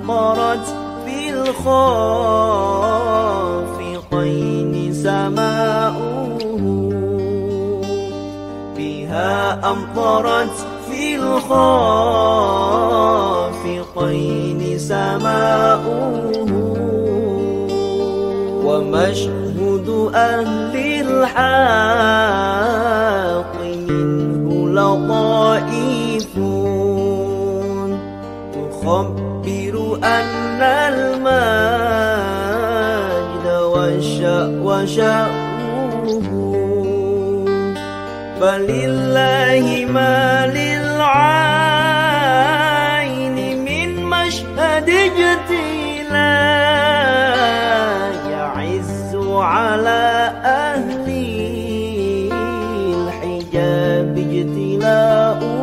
عبرت في الخافقين سماؤه بها أمطرت في الخافقين سماؤه ومشهد أهل الحاق منه لطف المجد وشأنه فلله ما للعين من مشهد جتيلا يعز على أهل الحجاب اجتلاؤه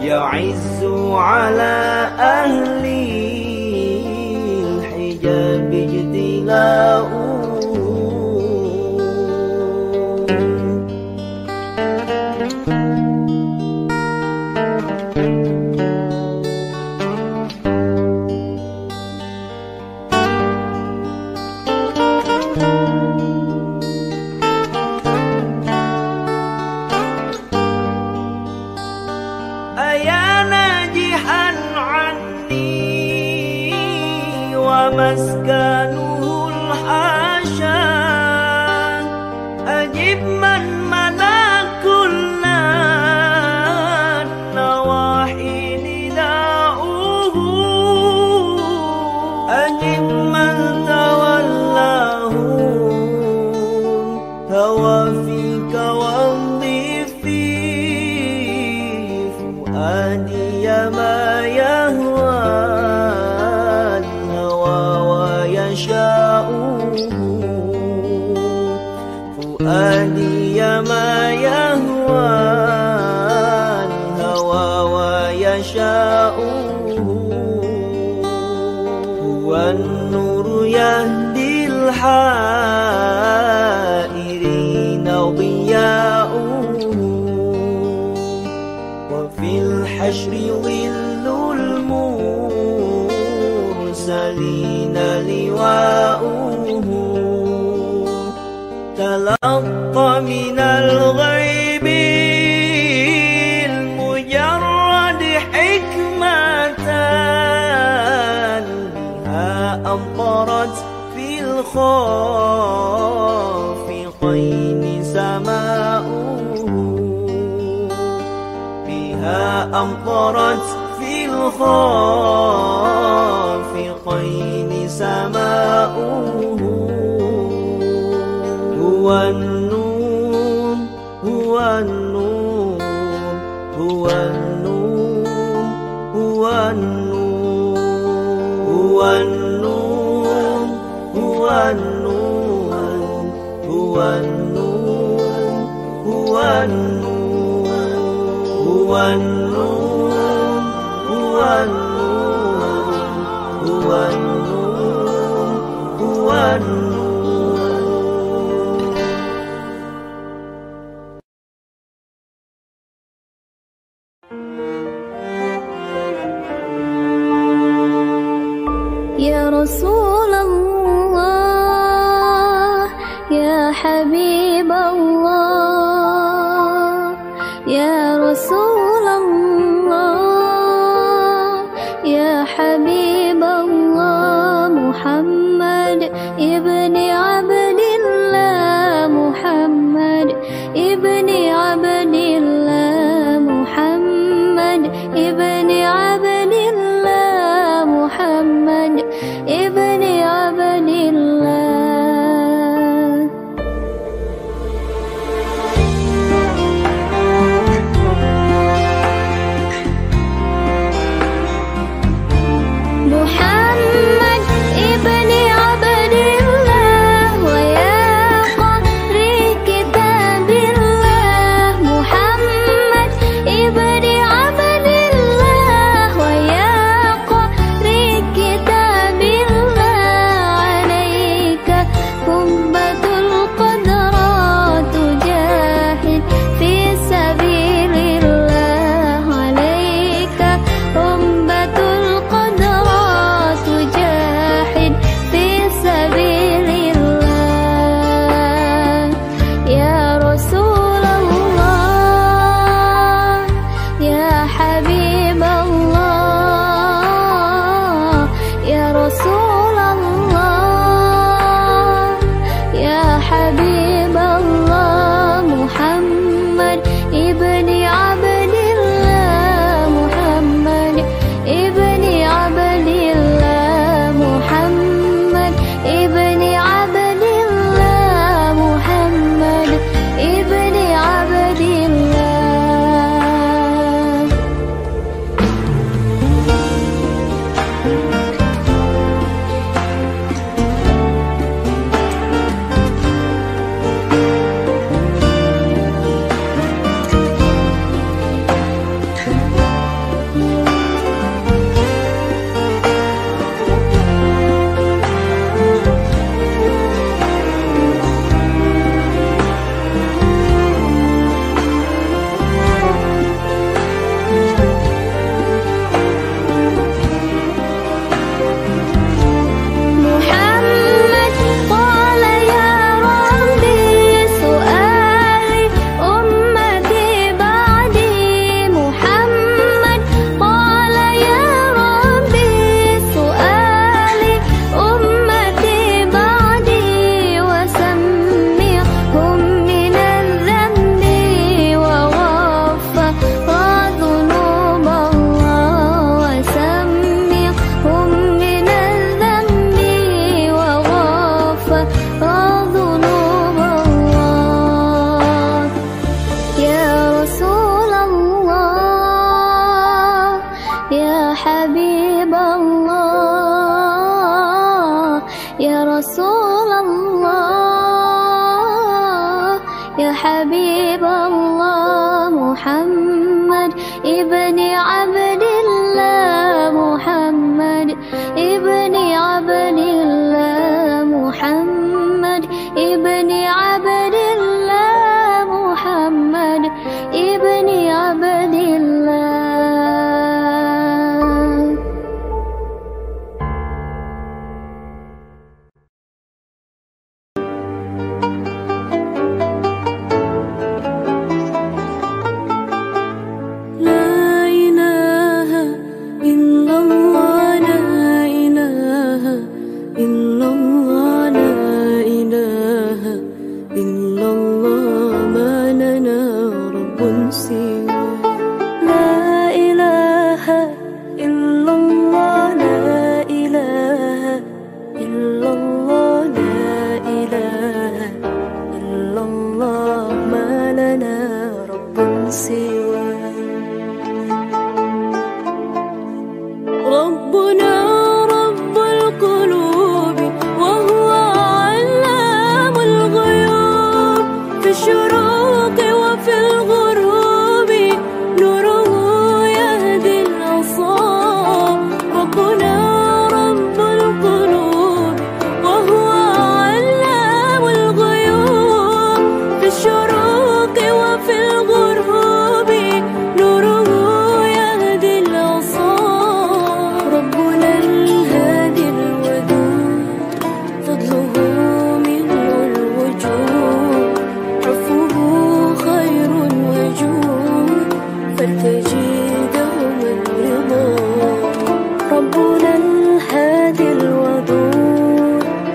يعز على أهل الحجاب اجتلاء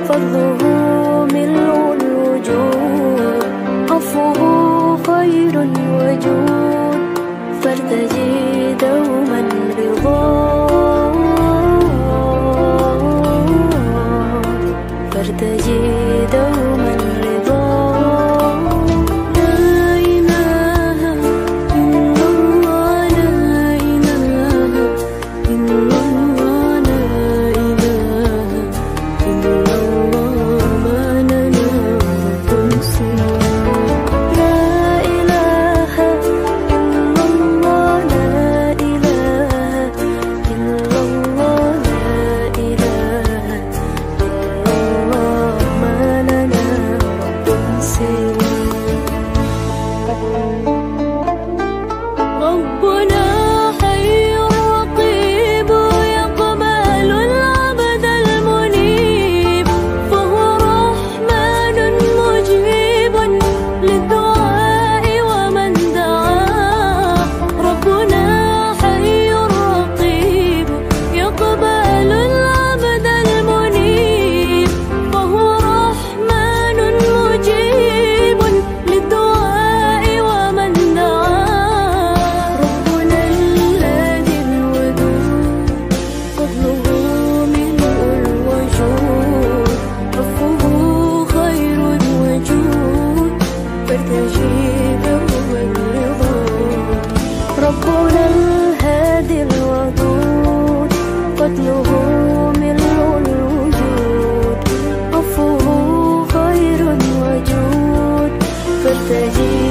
فضله ملء الوجود عفوه خير الوجود فارتجي protegido.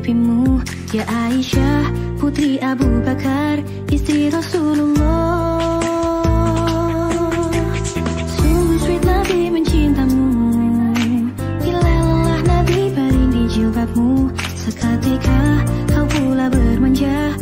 pipimu Ya Aisyah, putri Abu Bakar, istri Rasulullah Sungguh sweet Nabi mencintamu Bila Nabi baring di jilbabmu Seketika kau pula bermanja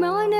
morning.